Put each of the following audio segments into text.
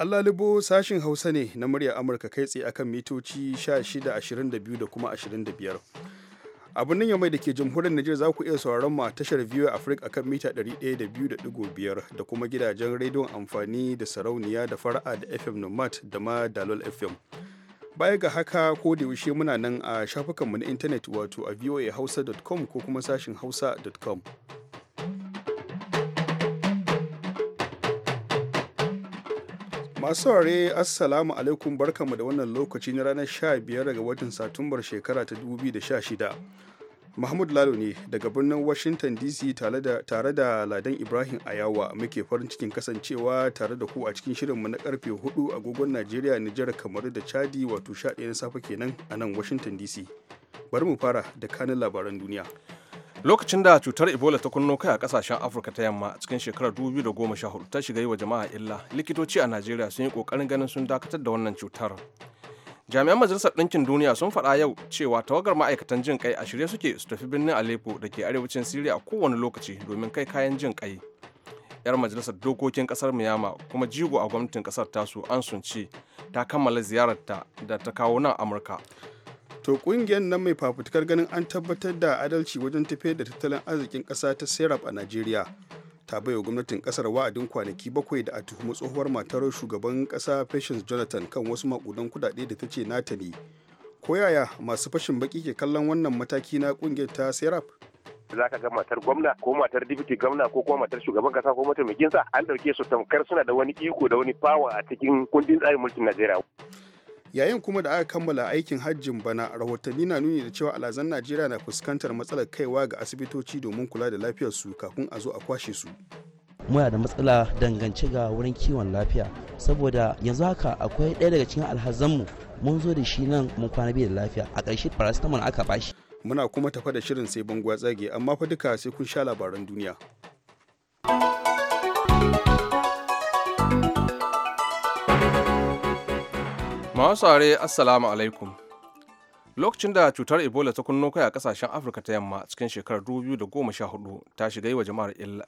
Allah libo sashin Hausa ne na muryar Amurka kai tsaye akan mitoci 16, 22 da kuma 25. abin nan mai da ke jamhuriyar Nijar za ku iya sauraron mu a tashar a Africa akan mita 102.5 da kuma gidajen rediyon amfani da sarauniya da fara'a da FM Nomad da ma Dalol FM. Baya ga haka ko da yaushe muna nan a shafukanmu na intanet wato a voahausa.com ko kuma sashin hausa.com. Masu saurare Assalamu alaikum barkanmu da wannan lokaci na ranar 15 daga watan Satumbar shekara ta 2016. Mahmud Lalo ne daga birnin Washington DC tare da Ladan Ibrahim Ayawa muke farin cikin kasancewa tare da ku a cikin shirinmu na karfe 4 agogon Najeriya, Nijar, Kamaru da Chadi wato 11 safe kenan a nan Washington DC. Bari mu fara da kanin labaran duniya. lokacin da cutar ebola ta kunno kai a kasashen afirka ta yamma a cikin shekarar 2014 ta shiga yi wa jama'a illa likitoci a najeriya sun yi kokarin ganin sun dakatar da wannan cutar jami'an majalisar ɗinkin duniya sun faɗa yau cewa tawagar ma'aikatan jin kai a shirye suke su tafi birnin aleppo da ke arewacin siriya a kowane lokaci domin kai kayan jin kai yar majalisar dokokin kasar miyama kuma jigo a gwamnatin kasar tasu an sun ce ta kammala ziyararta da ta kawo nan amurka to kungiyar nan mai fafutukar ganin an tabbatar da adalci wajen tafiyar da tattalin arzikin ƙasa ta serap a najeriya ta baiwa gwamnatin kasar wa'adin kwanaki bakwai da a tuhumi tsohuwar matar shugaban kasa patience jonathan kan wasu makudan kudade da ta ce nata ne ko yaya masu fashin baki ke kallon wannan mataki na kungiyar ta serap za ka ga matar gwamna ko matar dibiti gwamna ko kuma matar shugaban kasa ko mataimakinsa an ɗauke su tamkar suna da wani iko da wani fawa a cikin kundin tsarin mulkin najeriya yayin kuma da aka kammala aikin hajjin bana rahotanni na nuni da cewa alazan najeriya na fuskantar matsalar kaiwa ga asibitoci domin kula da lafiyarsu kafin a zo a kwashe su muna da matsala dangance ga wurin kiwon lafiya saboda yanzu haka akwai ɗaya daga cikin alhazanmu mun zo da shi nan mun kwana biyu da lafiya a ƙarshe paracetamol aka bashi muna kuma tafa da shirin sai bangwa tsage amma fa duka sai kun sha labaran duniya Masu are Assalamu alaikum. Lokacin da cutar Ebola ta kunno kai a kasashen Afirka ta yamma cikin shekarar 2014 ta shiga yi wa jama'ar illa.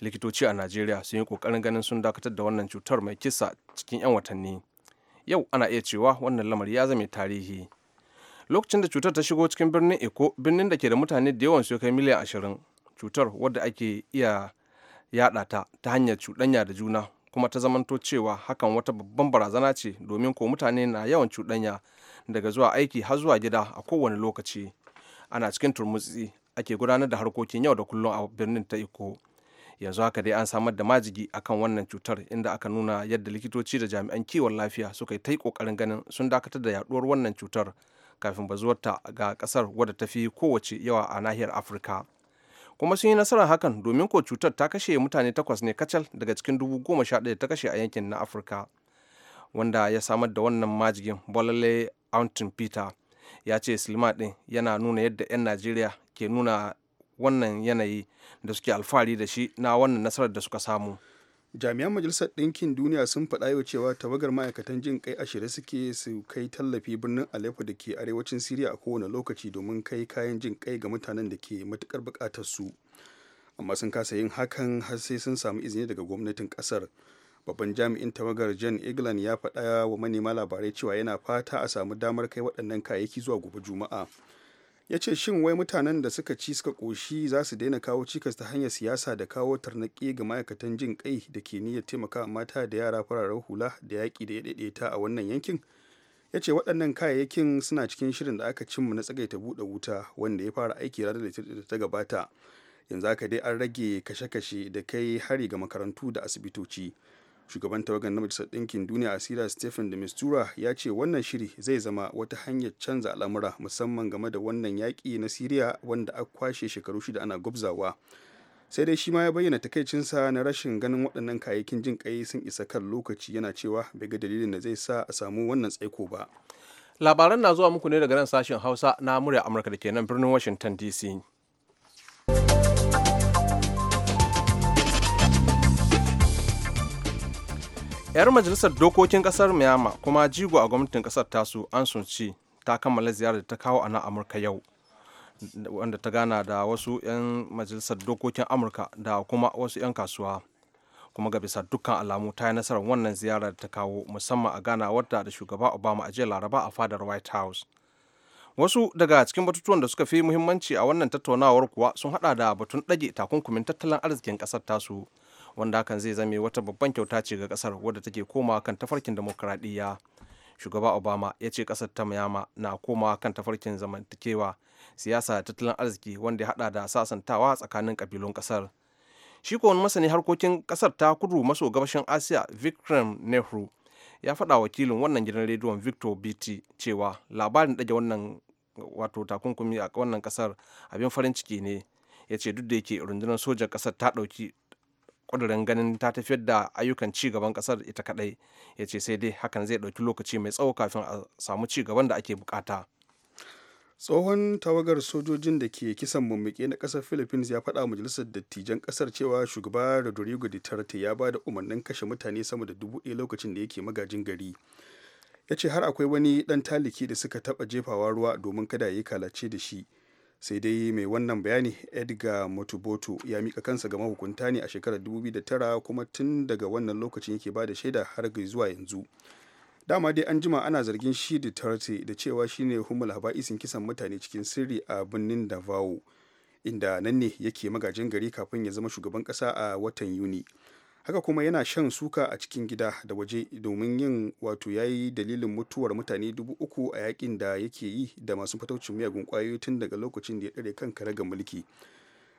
Likitoci a Najeriya sun yi kokarin ganin sun dakatar da wannan cutar mai kisa cikin 'yan watanni. Yau ana iya cewa wannan lamari ya zame tarihi. Lokacin da cutar ta shigo cikin birnin Eko, birnin da ke da mutane da yawan su kai miliyan ashirin, cutar wadda ake iya yaɗa ta ta hanyar cuɗanya da juna kuma ta zamanto cewa hakan wata babban barazana ce domin ko mutane na yawan cuɗanya daga zuwa aiki har zuwa gida a kowane lokaci ana cikin turmutsi ake gudanar da harkokin yau da kullum a birnin ta iko yanzu haka dai an samar da majigi akan wannan cutar inda aka nuna yadda likitoci da jami'an kiwon lafiya suka yi ta kokarin ganin sun dakatar da yaduwar wannan cutar kafin bazuwarta ga kasar wadda ta fi kowace yawa a nahiyar afirka kuma sun yi nasarar hakan domin ko cutar ta kashe mutane takwas ne kacal daga cikin dubu goma sha ɗaya ta kashe a yankin na afirka wanda ya samar da wannan majigin bolale auntin peter ya ce silima ɗin yana nuna yadda 'yan najeriya ke nuna wannan yanayi da suke alfahari da shi na wannan nasarar da suka samu jami'an majalisar ɗinkin duniya sun faɗa yau cewa tawagar ma'aikatan jin kai ashirin suke su kai tallafi birnin aleppo da ke arewacin siriya a kowane lokaci domin kai kayan jin kai ga mutanen da ke matukar bukatar su amma sun kasa yin hakan har sai sun samu izini daga gwamnatin ƙasar babban jami'in tawagar jan eglan ya faɗa wa manema labarai cewa yana fata a samu damar kai waɗannan kayayyaki zuwa gobe juma'a ya ce shin wai mutanen da suka ci suka koshi za su daina kawo cikas ta hanyar siyasa da kawo tarnaƙi ga ma'aikatan jin kai da ke niyyar taimaka mata da yara fararen hula da yaƙi da ya daidaita a wannan yankin ya ce waɗannan kayayyakin suna cikin shirin da aka cimma na tsagaita buɗe wuta wanda ya fara aiki ranar litinin da ta gabata yanzu haka dai an rage kashe-kashe da kai hari ga makarantu da asibitoci shugaban tawagar na majalisar ɗinkin duniya asira stephen de mistura ya ce wannan shiri zai zama wata hanyar canza al'amura musamman game da wannan yaƙi na siriya wanda a kwashe shekaru shida ana gwabzawa sai dai shi ma ya bayyana takaicinsa na rashin ganin waɗannan kayayyakin jin ƙai sun isa kan lokaci yana cewa bai ga dalilin da zai sa a samu wannan tsaiko ba labaran na zuwa muku ne daga nan sashen hausa na murya amurka da ke nan birnin washington dc 'yar majalisar dokokin kasar myanmar kuma jigo a gwamnatin kasar tasu an sunci ta kammala ziyarar da ta kawo a nan amurka yau wanda ta gana da wasu 'yan majalisar dokokin amurka da kuma wasu 'yan kasuwa kuma ga bisa dukkan alamu ta yi nasarar wannan ziyarar da ta kawo musamman a gana wadda da shugaba obama a jiya laraba a fadar white house wasu daga cikin batutuwan da suka fi muhimmanci a wannan tattaunawar kuwa sun hada da batun dage takunkumin tattalin arzikin kasar tasu wanda hakan zai zame wata babban kyauta ce ga kasar wadda take koma kan tafarkin demokradiyya shugaba obama ya ce kasar ta mayama na koma kan tafarkin zamantakewa siyasa da tattalin arziki wanda ya hada da sasantawa tsakanin kabilun kasar shi ko wani masani harkokin kasar ta kudu maso gabashin asiya vikram nehru ya faɗa wakilin wannan gidan rediyon victor bt cewa labarin ɗage wannan wato takunkumi a wannan kasar abin farin ciki ne ya ce duk da yake rundunar sojan kasar ta ɗauki kudurin ganin ta tafiyar da ayyukan ci gaban kasar ita kadai ya ce sai dai hakan zai ɗauki lokaci mai tsawo kafin a samu ci gaban da ake bukata tsohon tawagar sojojin da ke kisan mummuke na kasar philippines ya faɗa majalisar dattijan kasar cewa shugaba rodrigo duterte ya ba da umarnin kashe mutane sama da dubu ɗaya lokacin da yake magajin gari ya ce har akwai wani ɗan taliki da suka taɓa jefawa ruwa domin kada ya yi kalace da shi sai dai mai wannan bayani edgar motubotu ya mika kansa ga mahukunta ne a shekarar 2009 kuma tun daga wannan lokacin yake ba da shaida har ga zuwa yanzu dama dai an jima ana zargin shi Duterte da cewa shine humul haba'isin kisan mutane cikin sirri a birnin davao inda nan ne yake magajin gari kafin ya zama shugaban kasa a watan yuni haka kuma yana shan suka a cikin gida da waje domin yin wato ya yi dalilin mutuwar mutane dubu uku a yakin da yake yi da masu fataucin miyagun kwayoyi tun daga lokacin da ya ɗare kan kare ga mulki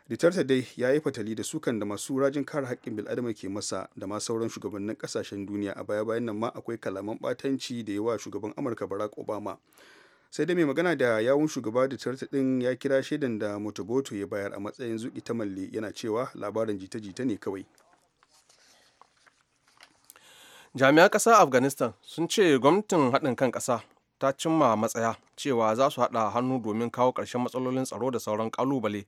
Duterte dai ya yi fatali da sukan da masu rajin kare haƙƙin bil'adama ke masa da ma sauran shugabannin ƙasashen duniya a baya bayan nan ma akwai kalaman ɓatanci da yawa shugaban Amurka Barack Obama. Sai dai mai magana da yawun shugaba Duterte din ya kira shaidan da motoboto ya bayar a matsayin zuƙi ta malle yana cewa labarin jita-jita ne kawai. jami'an ƙasar afghanistan sun ce gwamnatin haɗin kan ƙasa ta cimma matsaya cewa za su haɗa hannu domin kawo ƙarshen matsalolin tsaro da sauran ƙalubale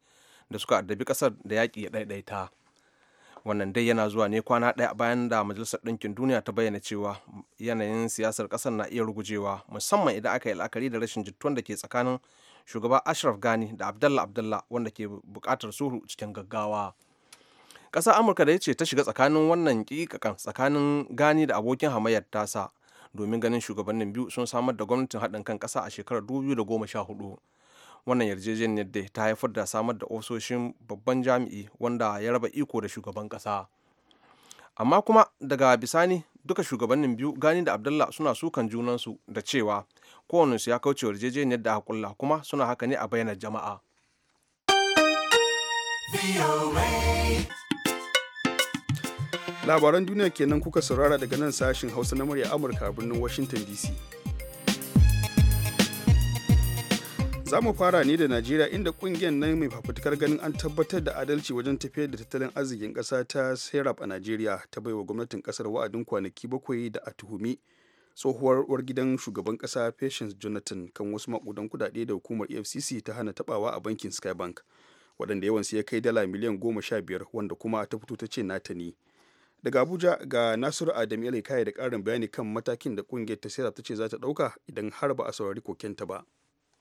da suka addabi ƙasar da yaƙi ya ɗaiɗaita wannan dai yana zuwa ne kwana ɗaya bayan da majalisar ɗinkin duniya ta bayyana cewa yanayin siyasar ƙasar na iya rugujewa musamman idan aka yi la'akari da rashin jituwan da ke tsakanin shugaba ashraf gani da abdallah abdallah wanda ke buƙatar sulhu cikin gaggawa ƙasar amurka da ya ce ta shiga tsakanin wannan ƙiƙakan tsakanin gani da abokin hamayyar tasa domin ganin shugabannin biyu sun samar da gwamnatin haɗin kan ƙasa a shekarar 2014 wannan yarjejeniyar da ta haifar da samar da ofisoshin babban jami'i wanda ya raba iko da shugaban ƙasa amma kuma daga bisani duka shugabannin biyu gani da abdullah suna sukan junansu da cewa kowane su ya kauce yarjejeniyar da haƙulla kuma suna haka ne a bayyana jama'a. labaran duniya kenan kuka saurara daga nan sashin hausa na murya amurka birnin washington dc za mu fara ne da najeriya inda kungiyar nan mai fafutukar ganin an tabbatar da adalci wajen tafiyar da tattalin arzikin kasa ta serap a najeriya ta baiwa gwamnatin kasar wa'adin kwanaki bakwai da a tuhumi tsohuwar uwar gidan shugaban kasa patience jonathan kan wasu makudan kudade da hukumar efcc ta hana tabawa a bankin skybank waɗanda yawan yawansu ya kai dala miliyan goma sha biyar wanda kuma ta fito ta ce nata ne daga abuja ga nasiru adamu ya kai da karin bayani kan matakin da kungiyar ta sera ta ce za ta dauka idan har ba a saurari kokenta ba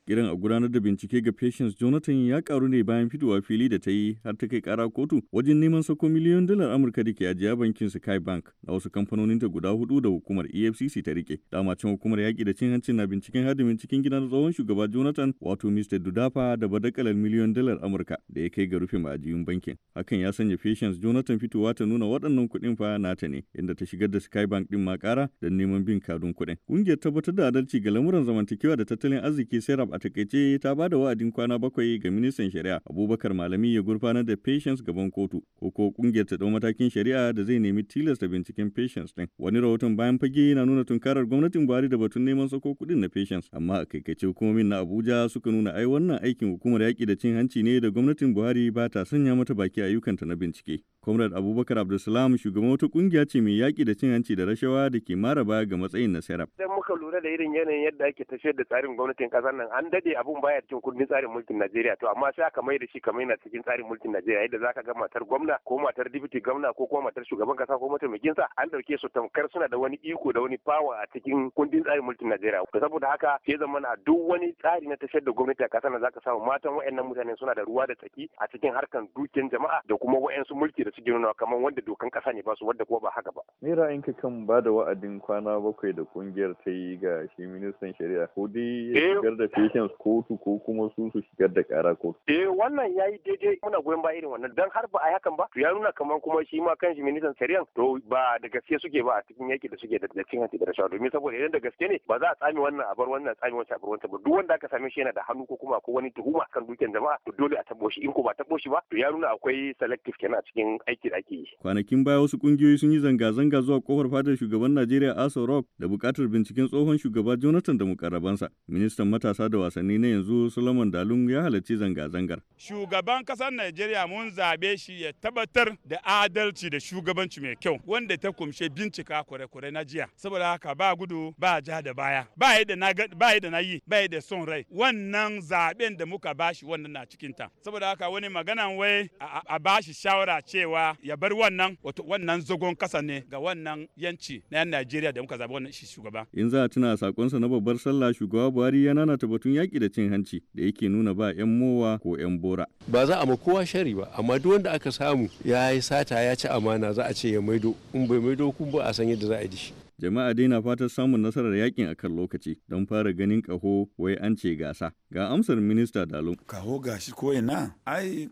gidan a gudanar da bincike ga Patience Jonathan ya karu ne bayan fitowa fili da ta yi har ta kai kara kotu wajen neman sako miliyon dalar Amurka da ke ajiya bankin Sky Bank na wasu kamfanonin ta guda hudu da hukumar EFCC ta rike. Dama can hukumar yaƙi da cin hancin na binciken hadimin cikin gidan tsohon shugaba Jonathan wato Mr. Dudafa da badakalar miliyon dalar Amurka da ya kai ga rufe ma'ajiyun bankin. Hakan ya sanya Patience Jonathan fitowa ta nuna waɗannan kuɗin fa nata ne inda ta shigar da Sky Bank din ma kara don neman bin kadun kuɗin. Ƙungiyar tabbatar da adalci ga lamuran zamantakewa da tattalin arziki sai a takaice ta ba da wa'adin kwana bakwai ga ministan shari'a Abubakar Malami ya gurfanar da Patience gaban kotu ko ko kungiyar ta dau matakin shari'a da zai nemi tilasta binciken Patience din. Wani rahoton bayan fage na nuna tunkarar gwamnatin Buhari da batun neman sako kuɗin na Patience amma a kaikaice hukumomin na Abuja suka nuna ai wannan aikin hukumar yaƙi da cin hanci ne da gwamnatin Buhari ba ta sanya mata baki ayyukanta na bincike. Comrade Abubakar Abdulsalam shugaban wata kungiya ce mai yaƙi da cin hanci da rashawa da ke mara baya ga matsayin na Serap. Idan muka lura da irin yanayin yadda ake tafiyar da tsarin gwamnatin ƙasar nan an dade abun baya cikin kundin tsarin mulkin Najeriya to amma sai aka mai da shi kamar yana cikin tsarin mulkin Najeriya yadda zaka ga matar gwamna ko matar deputy gwamna ko kuma matar shugaban kasa ko matar sa an dauke su tamkar suna da wani iko da wani power a cikin kundin tsarin mulkin Najeriya. To saboda haka sai zaman a duk wani tsari na tashar da gwamnati a ƙasar nan zaka samu matan waɗannan mutane suna da ruwa da tsaki a cikin harkan dukiyar jama'a da kuma waɗansu mulki da suke nuna kamar wanda dokan kasa ne ba su wanda kuma ba haka ba. Me ra'ayinka kan ba da wa'adin kwana bakwai da kungiyar ta yi ga shi ministan shari'a ko dai ya eh. shigar da patients kotu ko kuma su su shigar da kara kotu. Eh wannan ya yi daidai muna goyon ba irin wannan dan har ba a hakan ba to ya nuna kamar kuma shi ma kan shi ministan shari'a to ba da gaske suke ba a cikin yaki da suke da cin hanci da rashawa domin saboda idan da gaske ne ba za a tsami wannan a bar wannan tsami wancan a bar wancan ba duk wanda aka same shi yana da hannu ko kuma ko wani tuhuma kan dukiyar jama'a to dole a tabo shi in ko ba tabo shi ba to ya nuna akwai selective kenan a cikin aiki da ake yi. Kwanakin baya wasu kungiyoyi sun yi zanga-zanga zuwa kofar fadar shugaban Najeriya Aso Rock da bukatar binciken tsohon shugaba Jonathan da mukarrabansa. Ministan matasa da wasanni na yanzu Solomon Dalun ya halarci zanga-zangar. Shugaban kasar Najeriya mun zaɓe shi ya tabbatar da adalci da shugabanci mai kyau wanda ta kumshe bincika kure-kure na jiya. Saboda haka ba gudu ba ja da baya. Ba yadda na ba yadda na yi ba yadda son rai. Wannan zaben da muka bashi wannan na cikinta. Saboda haka wani magana wai a bashi shawara cewa cewa ya bar wannan wato wannan zagon kasa ne ga wannan yanci na yan Najeriya da muka zaɓi wannan shi shugaba. In za a tuna sakonsa na babbar sallah shugaba Buhari ya ta batun yaƙi da cin hanci da yake nuna ba 'yan mowa ko 'yan bora. Ba za a ma kowa shari ba amma duk wanda aka samu ya yi sata ya ci amana za a ce ya maido in bai maido kun ba a san yadda za a yi shi. Jama'a dai na fatan samun nasarar yakin a kan lokaci don fara ganin kaho wai an ce gasa. Ga amsar minista Dalo. Kaho gashi ko ina ai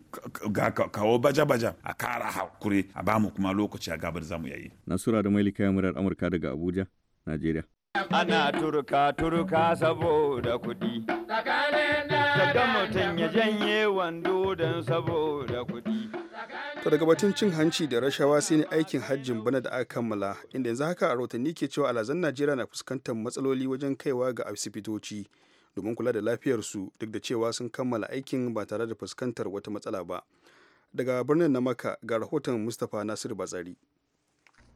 ga kaho baja-baja a kara hakuri a bamu kuma lokaci a gabar zamu yayi. Nasura da mai ya murar Amurka daga Abuja, Najeriya. Ana turka turka saboda kuɗi. da mutum ya janye wando don saboda kuɗi. to daga batun cin hanci da rashawa sai ne aikin hajjin bana da aka kammala inda yanzu haka a rahotanni ke cewa alazan najeriya na fuskantar matsaloli wajen kaiwa ga asibitoci domin kula da lafiyarsu duk da cewa sun kammala aikin ba tare da fuskantar wata matsala ba daga birnin na maka ga rahoton mustapha nasiru batsari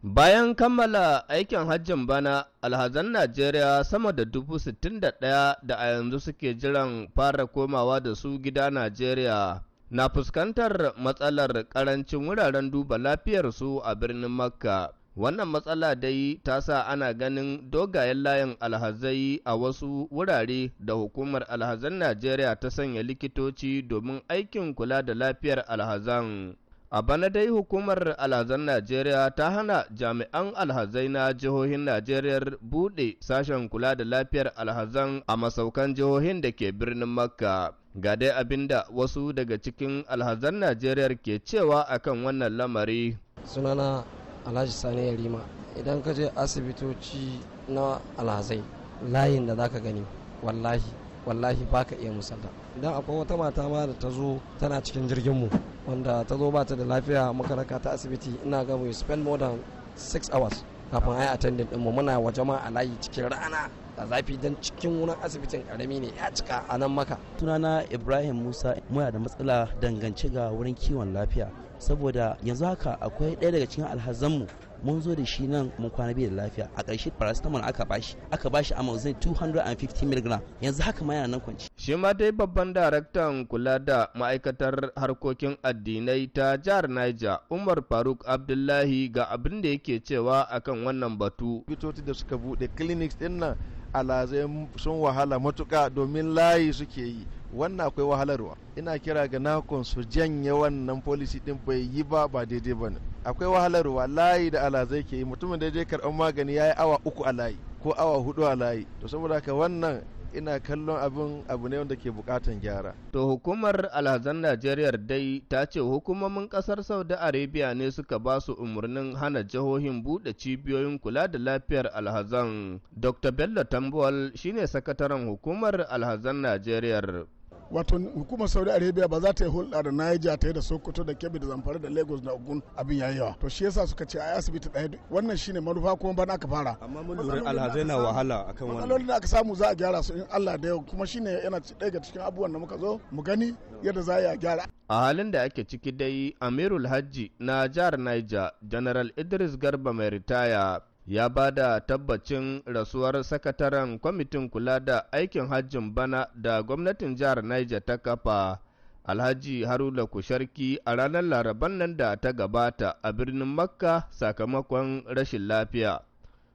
Bayan kammala aikin hajjin bana, alhazan Najeriya sama da dubu sittin da ɗaya da a yanzu suke jiran fara komawa da su gida Najeriya. na fuskantar matsalar ƙarancin wuraren duba lafiyarsu a birnin Makka. Wannan matsala dai ta sa ana ganin dogayen layin alhazai a wasu wurare da hukumar alhazan Najeriya ta sanya likitoci domin aikin kula da lafiyar alhazan. A bana dai hukumar alhazan Najeriya ta hana jami'an alhazai na jihohin Najeriya buɗe sashen kula da lafiyar alhazan a masaukan jihohin da ke birnin Makka. Ga dai abin da wasu daga cikin alhazan Najeriya ke cewa akan wannan lamari. Sunana Alhaji Sani Yarima, idan ka je asibitoci na alhazai layin da zaka gani wallahi wallahi baka iya musalla idan akwai wata mata ma da ta zo tana cikin jirgin mu wanda ta zo bata da lafiya muka raka ta asibiti ina ga we spend more than 6 hours kafin ai yi din mu muna wajama a layi cikin rana a zafi don cikin wurin asibitin karami ne ya cika a nan maka Tunana ibrahim musa muna da matsala dangance ga wurin kiwon lafiya saboda yanzu haka akwai ɗaya daga cikin alhazanmu mun zo da shi nan mun kwana biyu da lafiya a ƙarshe paracetamol aka bashi aka bashi amazon 250 mg yanzu haka ma yana nan kwanci shi ma dai babban daraktan kula da ma'aikatar harkokin addinai ta jihar Niger Umar Faruk Abdullahi ga abin da yake cewa akan wannan batu bitoci da suka bude clinics din nan alazai sun wahala matuka domin layi suke yi wannan akwai wahalarwa ina kira ga nakon su janye wannan policy din bai yi ba ba daidai ba ne akwai wahalarwa layi da alazai ke yi mutumin da je karɓar magani ya yi awa uku a layi ko awa hudu a layi to saboda haka wannan ina kallon abin abu ne wanda ke bukatan gyara to hukumar alhazan najeriya dai ta ce hukumomin kasar saudi arabia ne suka ba su umarnin hana jihohin bude cibiyoyin kula da lafiyar alhazan dr bello tambuwal shine sakataren hukumar alhazan najeriya wato hukumar saudi arabia ba za ta yi hulɗa da naija ta yi da sokoto da kebbi da zamfara da lagos da ogun abin yayi yawa to shi yasa suka ce a asibiti ɗaya wannan shine manufa kuma bana aka fara amma mun lura alhazai na wahala akan wannan matsalolin da aka samu za a gyara su in Allah da yau kuma shine yana ɗaya ga cikin abubuwan da muka zo mu gani yadda za a gyara a halin da ake ciki dai amirul hajji na jihar niger general idris garba mai ritaya ya ba da tabbacin rasuwar sakataren kwamitin kula da aikin hajjin bana da gwamnatin jihar Niger ta kafa Alhaji Haruna Kusharki a ranar Laraban nan da ta gabata a birnin Makka sakamakon rashin lafiya.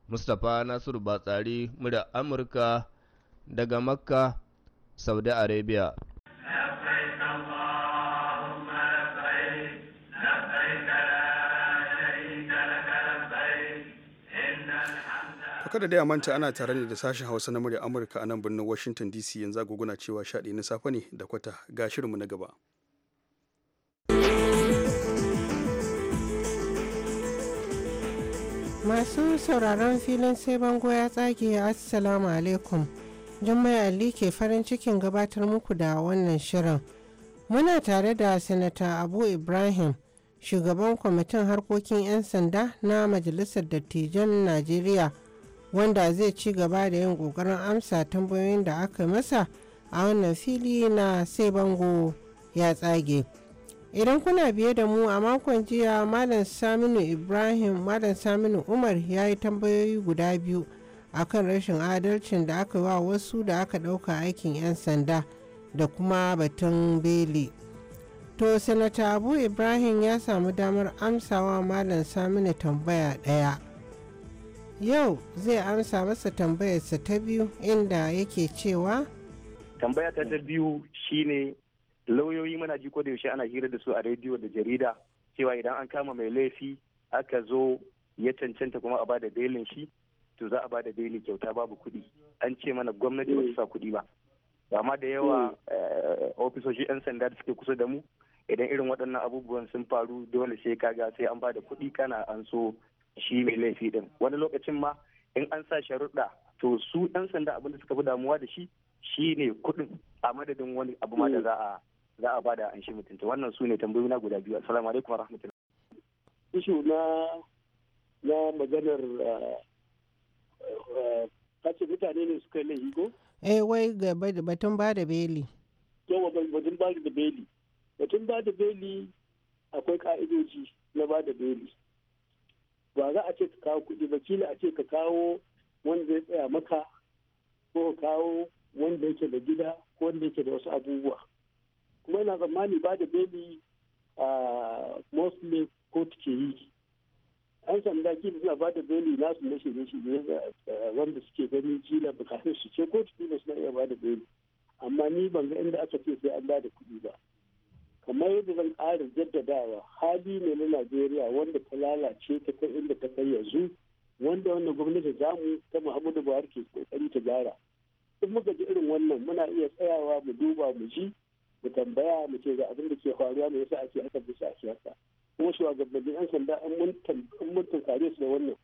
Mustapha Nasiru Batsari, mura Amurka daga Makka, Saudi Arabia. kada da manta ana tare da sashen hausa na murya amurka a nan birnin washington dc yanzu agogona cewa shaɗi na safe ne da kwata ga shirinmu na gaba masu sauraron filin sai bango ya tsage assalamu alaikum jummai ali ke farin cikin gabatar muku da wannan shirin muna tare da sanata abu ibrahim shugaban kwamitin harkokin 'yan sanda na majalisar dattijan najeriya wanda zai ci gaba da yin ƙoƙarin amsa tambayoyin da aka masa a wannan fili na sai bango ya tsage idan kuna biye da mu a makon jiya malam saminu ibrahim malam saminu umar ya yi tambayoyi guda biyu akan rashin adalcin da aka wa wasu da aka ɗauka aikin 'yan sanda da kuma batun beli to sanata abu ibrahim ya samu damar amsawa malam saminu tambaya ɗaya yau zai amsa masa tambayarsa ta biyu inda yake cewa tambaya ta biyu shine lauyoyi muna ji ko da yaushe ana hira da su a rediyo da jarida cewa idan an kama mai laifi aka zo ya cancanta kuma a ba da belin shi to za a ba da beli kyauta babu kuɗi an ce mana gwamnati ba sa kuɗi ba amma da yawa hmm. eh, ofisoshi 'yan sanda da suke kusa da mu idan irin waɗannan abubuwan sun faru dole sai kaga sai an ba da kuɗi kana an so shi mai laifi din wani lokacin ma in an sa sharuɗa to su ɗan sanda abin da suka fi damuwa da shi shi ne kuɗin a madadin wani abu ma da za a za a bada an shi mutunta wannan su ne tambayoyi na guda biyu assalamu alaikum warahmatullahi ishu na na maganar eh, eh, kace mutane ne suka laifi ko eh wai ga batun ba da beli yawa batun ba da beli batun ba da beli akwai ka'idoji na ba da beli ba za a ce ka kawo kuɗi ba kila a ce ka kawo wanda ya tsaya maka ko ka kawo wanda yake da gida ko wanda yake da wasu abubuwa kuma ina tsammani ba da beli a mostly ko take yi an sanda kila suna ba da beli na nasu na shirye-shirye wanda suke gani kila bukatun su ce ko kila suna iya ba da beli amma ni ban ga inda aka ce sai an ba da kuɗi ba kamar yadda zan ƙara jaddadawa hali ne na najeriya wanda ta lalace ta kai inda ta kai yanzu wanda wannan gwamnati zamu ta muhammadu buhari ke kokari ta gyara in muka ji irin wannan muna iya tsayawa mu duba mu ji mu tambaya mu ce ga abin da ke faruwa me yasa ake aka bisa a siyasa kuma shugabannin yan sanda an mun tunkare su da wannan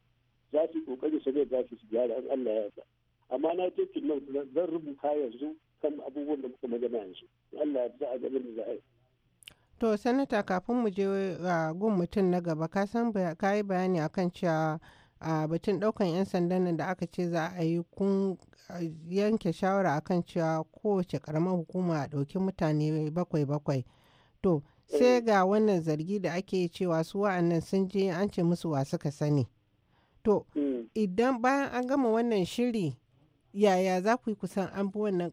za su kokari su ne za su gyara an Allah ya yarda amma na ce kin nan zan rubuta yanzu kan abubuwan da muka magana yanzu Allah ya yarda a gaban da za a yi To, Sanata kafin mu je ga gun mutum na gaba, ka san ka yi bayani a kan cewa a batun ɗaukan 'yan sandan nan da aka ce za a yi kun yanke shawara a kan cewa kowace ƙaramar hukuma a ɗauki mutane bakwai-bakwai. To, sai eh. ga wannan zargi da ake cewa su wa'annan sun je an ce musu wa suka sani. To, hmm. idan bayan an gama wannan shiri yaya za ku yi kusan an bi wannan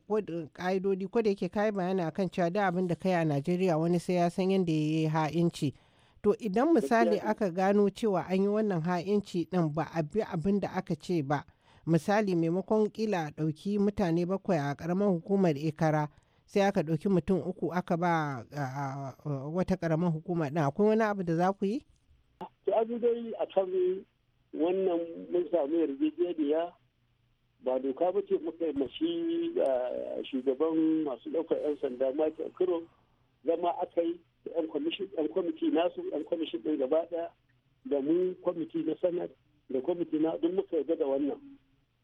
ƙa'idodi ko da yake kayi bayani akan cewa da abin da kai a najeriya wani sai ya san yadda ya yi ha'inci to idan misali aka gano cewa an yi wannan ha'inci din ba a bi abin da aka ce ba misali maimakon kila a ɗauki mutane bakwai a ƙaramar hukumar ekara sai aka ɗauki mutum uku aka ba wata ƙaramar hukuma ɗin akwai wani abu da za ku yi? a kan wannan mun samu yarjejeniya ba doka ba ce muka yi mashi eh, shugaban masu ɗaukar 'yan sanda mike kiro zama aka yi da 'yan kwamiti nasu 'yan kwamiti ɗin gaba ɗaya da mu kwamiti na sanar da kwamiti na duk muka yarda da wannan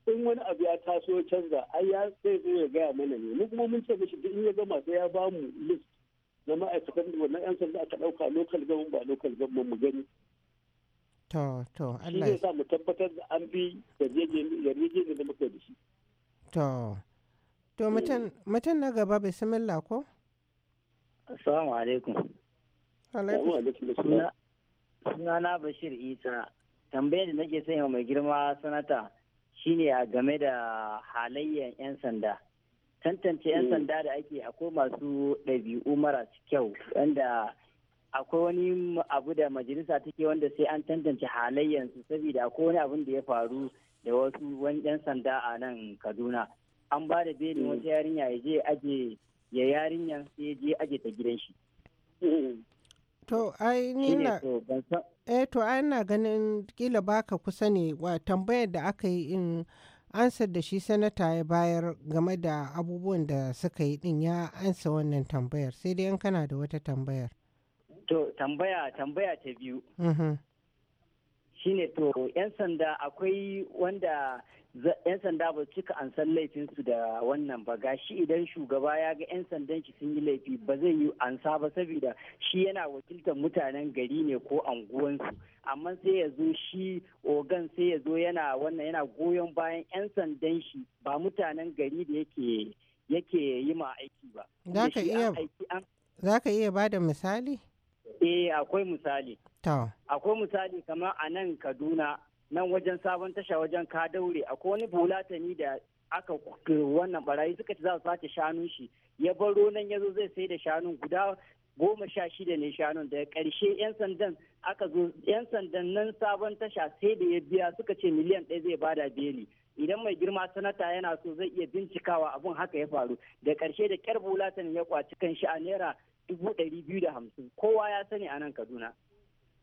in wani abu ya taso canza ai ya sai zai ya gaya mana ne mu kuma mun ce mishi duk in ya gama sai ya ba mu list na ma'aikatan wannan 'yan sanda aka ɗauka lokal gaban ba lokal gaban mu gani To, to, Allah. Shi sa mu tabbatar da an bi yarjejeniyar da muka da shi. To, to eh. mutan na gaba bismillah ko? Assalamu alaikum. Alaikum. Suna na Bashir Isa. Tambayar da nake sanya mai girma sanata shine a game da halayyar 'yan sanda. Tantance 'yan eh. sanda da ake akwai masu ɗabi'u mara kyau wanda akwai wani abu da majalisa take wanda sai an tantance halayyansu saboda akwai wani abun da ya faru da wasu wani yan sanda a nan kaduna an ba da belin mm. wata yarinya ya je aje ya yarinya sai ya je aje ta gidan shi to ai ni na eh to ai na ganin kila baka kusa ne wa tambayar da aka yi in ansar da shi sanata ya bayar game da abubuwan da suka yi din ya ansa wannan tambayar sai dai in kana da wata tambayar To tambaya tambaya ta biyu. Mm-hmm. Shine to 'yan sanda akwai wanda 'yan sanda ba cika an laifinsu da wannan ba gashi idan shugaba ya ga 'yan sandan shi sun yi laifi ba zai yi ansa ba saboda shi yana wakiltar mutanen gari ne ko anguwansu amma sai ya zo shi ogan sai ya zo yana wannan yana goyon bayan 'yan sandan shi ba mutanen gari da yake yake yi ma aiki ba. Za ka iya ba da misali? Eh akwai misali. Akwai misali kamar a nan Kaduna nan wajen sabon tasha wajen ka daure akwai wani bulatani da aka wannan barayi suka ci za su sace shanun shi ya baro nan ya zo zai sai da shanun guda goma sha shida ne shanun ya karshe 'yan sandan aka zo 'yan sandan nan sabon tasha sai da ya biya suka ce miliyan ɗaya zai bada beli idan mai girma sanata yana so zai iya bincikawa abun haka ya faru da karshe da kyar bulatan ya kwaci kan shi a naira dubu ɗari biyu da hamsin kowa ya sani a nan kaduna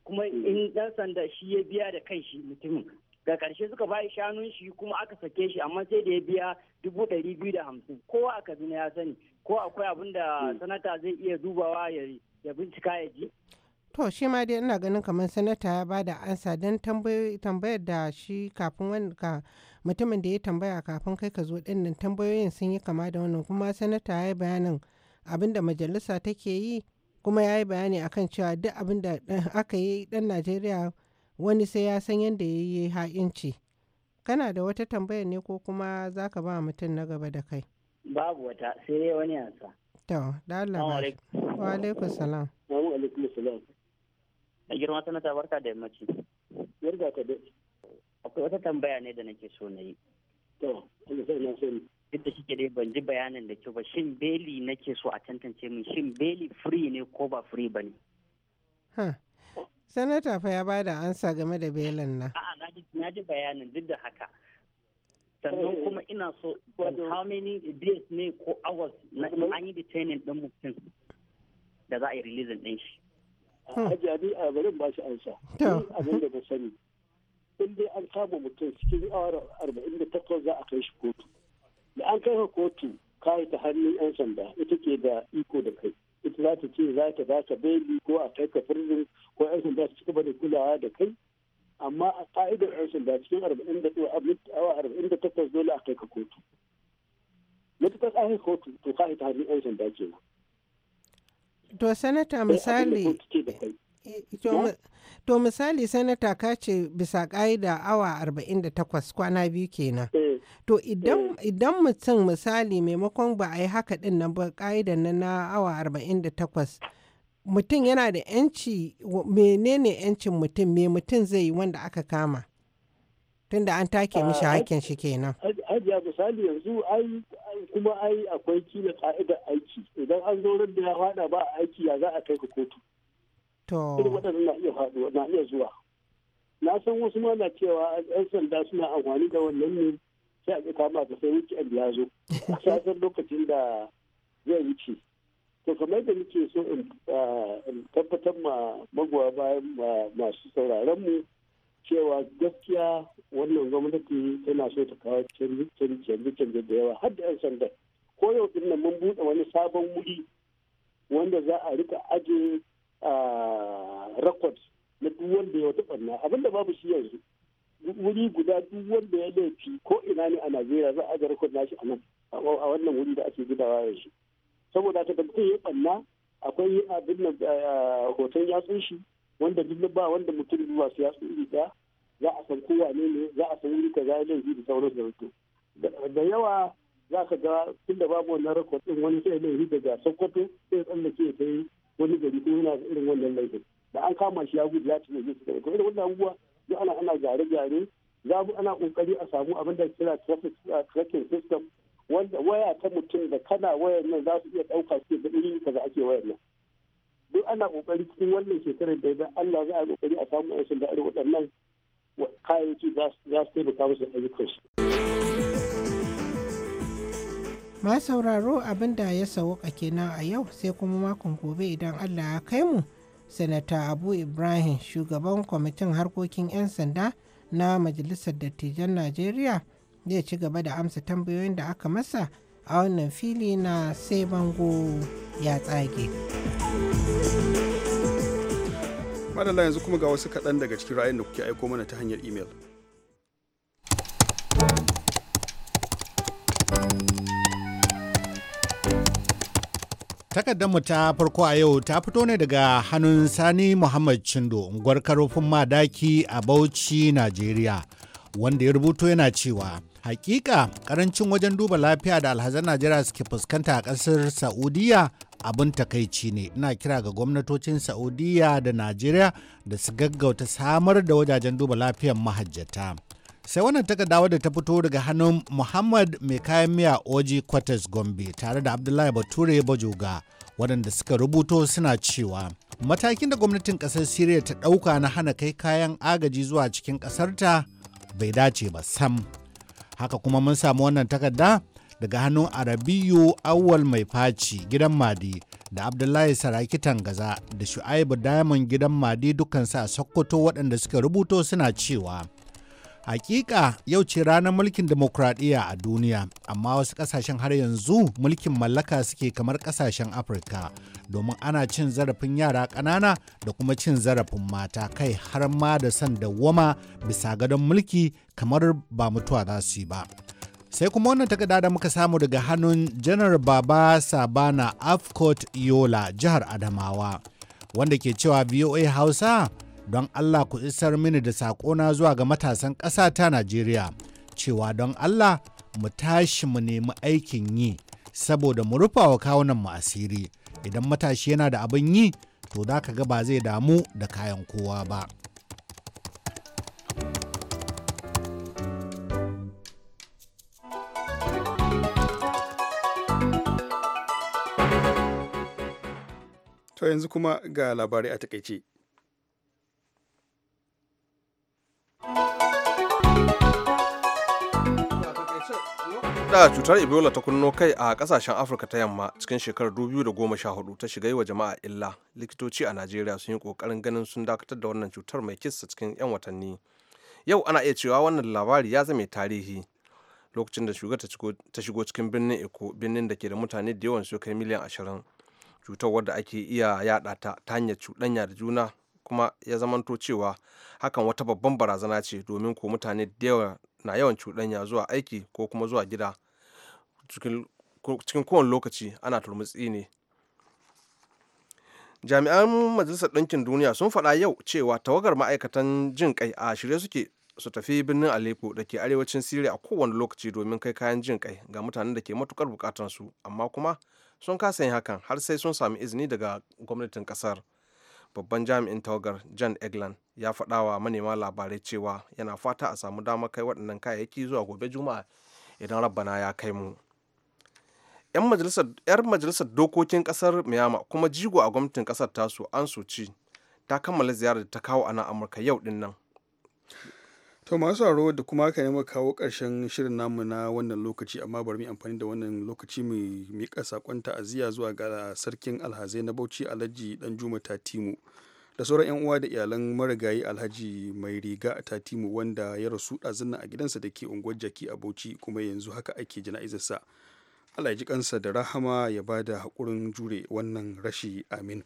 kuma in ɗan sanda shi ya biya da kan shi mutumin ga ƙarshe suka bayi shanun shi kuma aka sake shi amma sai da ya biya dubu ɗari biyu da hamsin kowa a kaduna ya sani ko akwai abin da hmm. sanata zai iya dubawa ya bincika ya ji to shi ma dai ina ganin kamar sanata ya bada ansa don tambayar da shi kafin wani mutumin da ya tambaya kafin kai ka zo ɗin nan tambayoyin sun yi kama da wannan kuma sanata ya yi bayanin abin da majalisa take yi kuma ya yi bayani akan cewa duk abin da aka yi dan najeriya wani sai ya san yadda ya yi ha'inci kana da wata tambaya ne ko kuma za ka ba mutum na gaba da kai babu wata sai dai wani yansa to da Allah wa alaikum salam wa alaikum salam a girma sanata barka da yammaci yarda ka dai akwai wata tambaya ne da nake so na yi to ina sai na so duk da shike dai ban ji bayanin da kyau ba shin beli nake so a tantance min shin beli free ne ko ba free ba ne sanata fa ya bada ansa game da belin nan a'a na ji bayanin duk da haka sannan eh, kuma ina so how many days ne ko hours na an yi detaining din mutum da za a yi releasing din shi Hajji Abi a garin ba shi ansa. Abin da ba sani. In dai an kama mutum cikin awa arba'in da takwas za a kai shi kotu. da an kai ka kotu kayi ta hannun 'yan sanda ita ke da iko da kai ita za ta ce za ta ba ka beli ko a kai ka firzin ko 'yan sanda su cika da kulawa da kai amma a ka'idar 'yan sanda cikin arba'in da awa arba'in da takwas dole a kai ka kotu matuƙar tsarin kotu to kayi ta hannun 'yan sanda kenan. to sanata misali Eh, to misali sanata ka ce bisa ka'ida awa 48 kwana biyu kenan. Eh. To eh. idan mutum misali maimakon ba a yi haka din na ka'ida na na awa 48 mutum yana da yanci menene yancin mutum me mutum zai yi wanda aka kama tunda an take mishi ah, haƙƙin shi kenan. Hajiya misali yanzu ai kuma ai akwai kila ka'idar aiki idan an zo da ya faɗa ba aiki ya za a kai ka kotu. To. na iya faɗuwa na iya zuwa. Na san wasu ma na cewa 'yan sanda suna amfani da wannan ne sai a ƙi kama ka sai weekend ya zo. A san lokacin da zai wuce. To kamar da nake so in tabbatar ma magoya bayan masu sauraron mu cewa gaskiya wannan gwamnati tana so ta kawo canje-canje da yawa har da 'yan sanda. Ko yau ɗin nan mun buɗe wani sabon wuri wanda za a rika ajiye records na duk wanda ya wata barna da babu shi yanzu wuri guda duk wanda ya laifi ko ina ne a najeriya za a ga record shi a nan a wannan wuri da ake gudawa yanzu saboda ta mutum ya barna akwai abin da hoton yatsun shi wanda duk ba wanda mutum zuwa su yatsun shi da za a san kowa ne ne za a san wuri ka za laifi da sauran da wato da yawa za ka ga tun da babu wannan record din wani sai laifi daga sokoto sai tsallake ta yi wani gari ko yana da irin wannan laifin da an kama shi ya gudu ya tafi zai suka irin wannan anguwa duk ana ana gyare-gyare za mu ana kokari a samu abin da kira ah, tracking system wanda waya ta mutum da kana wayar nan za su iya ɗauka su da irin kaza ake wayar nan duk ana kokari cikin wannan shekarar da idan Allah za a kokari a samu a da irin waɗannan kayayyaki za su taimaka musu ayyukansu. ma sauraro abin da ya sauka kenan a yau sai kuma makon gobe idan allah ya kai mu sanata abu ibrahim shugaban kwamitin harkokin 'yan sanda na majalisar dattijan najeriya zai ci gaba da amsa tambayoyin da aka masa a wannan fili na sai bango ya tsage madalla yanzu kuma ga wasu kaɗan daga cikin ra'ayin da kuke aiko mana ta hanyar imel. mu ta farko a yau ta fito ne daga hannun Sani Muhammad Chindo, unguwar karofin madaki a Bauchi, Najeriya, wanda ya rubuto yana cewa Hakika karancin wajen duba lafiya da alhazan Najeriya suke fuskanta a ƙasar Saudiya abin takaici ne. Ina kira ga gwamnatocin Saudiya da Najeriya da su gaggauta samar da wajajen duba lafiyan mahajjata. sai wannan takarda da ta fito daga hannun muhammad mai kayan miya oji kwatas gombe tare da abdullahi bature bajoga waɗanda suka rubuto suna cewa matakin da gwamnatin ƙasar siriya ta ɗauka na hana kai kayan agaji zuwa cikin ƙasarta bai dace ba sam haka kuma mun samu wannan takarda daga hannun arabiyu awwal mai faci gidan madi da abdullahi saraki tangaza da shu'aibu diamond gidan madi dukansa a sokoto waɗanda suka rubuto suna cewa Hakika yau ce ranar mulkin demokradiyya a duniya, amma wasu kasashen har yanzu mulkin mallaka suke kamar kasashen Afirka, domin ana cin zarafin yara ƙanana da kuma cin zarafin mata kai har ma da san dawwama bisa gadon mulki kamar ba mutuwa za su yi ba. Sai kuma wannan takarda da muka samu daga hannun Janar Baba Sabana Afcot Yola, jihar Adamawa, wanda ke cewa VOA Hausa. don Allah ku isar mini da saƙona zuwa ga matasan ƙasa ta Najeriya cewa don Allah mu tashi mu nemi aikin yi saboda mu rufa wa kawunan mu asiri idan matashi yana da abin yi to da ka ga ba zai damu da kayan kowa ba. To yanzu kuma ga labarai a takaice. da cutar ebola ta kunno kai a kasashen afirka ta yamma cikin shekarar hudu ta shiga yi wa jama'a illa likitoci a najeriya sun yi kokarin ganin sun dakatar da wannan cutar mai kissa cikin 'yan watanni yau ana iya cewa wannan labari ya zame tarihi lokacin da shugar ta shigo cikin birnin eko birnin da ke da mutane da yawan su kai miliyan ashirin cutar wadda ake iya yada ta ta hanyar cuɗanya da juna kuma ya zamanto cewa hakan wata babban barazana ce domin ko mutane da yawa na yawan cuɗanya zuwa aiki ko kuma zuwa gida cikin kowane lokaci ana turmutsi ne jami'an majalisar ɗinkin duniya sun faɗa yau cewa tawagar ma'aikatan jin kai a shirye suke su tafi birnin aleppo da ke arewacin siriya a kowane lokaci domin kai kayan jin kai ga mutanen da ke matukar bukatansu amma kuma sun kasa yin hakan har sai sun sami izini daga gwamnatin kasar babban jami'in tawagar john eglan ya faɗa wa manema labarai cewa yana fata a samu damar kai waɗannan kayayyaki zuwa gobe juma'a idan rabbana ya kai mu 'yar majalisar dokokin kasar miyama kuma jigo a gwamnatin kasar tasu an soci ta kammala ziyarar da ta kawo a amurka yau din nan to masu sauraro da kuma aka nema kawo karshen shirin namu na wannan lokaci amma bari mu amfani da wannan lokaci mu miƙa sakon ta'aziyya zuwa ga sarkin alhazai na bauchi alhaji danjuma tatimu da sauran 'yan uwa da iyalan marigayi alhaji mai riga a tatimu wanda ya rasu ɗazun a gidansa da ke unguwar jaki a bauchi kuma yanzu haka ake jana'izarsa Allah ya ji kansa da rahama ya ba da haƙurin jure wannan rashi amin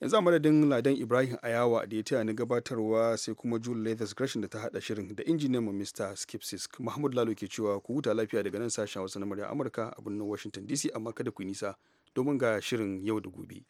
yanzu a madadin ladan ibrahim ayawa da ya taya ni gabatarwa sai kuma jule leathers gresham da ta haɗa shirin da injiniyan mu mr skipsis mahmud lalo ke cewa ku huta lafiya daga nan sashen wasu na murya amurka a birnin washington dc amma kada ku nisa domin ga shirin yau da gobe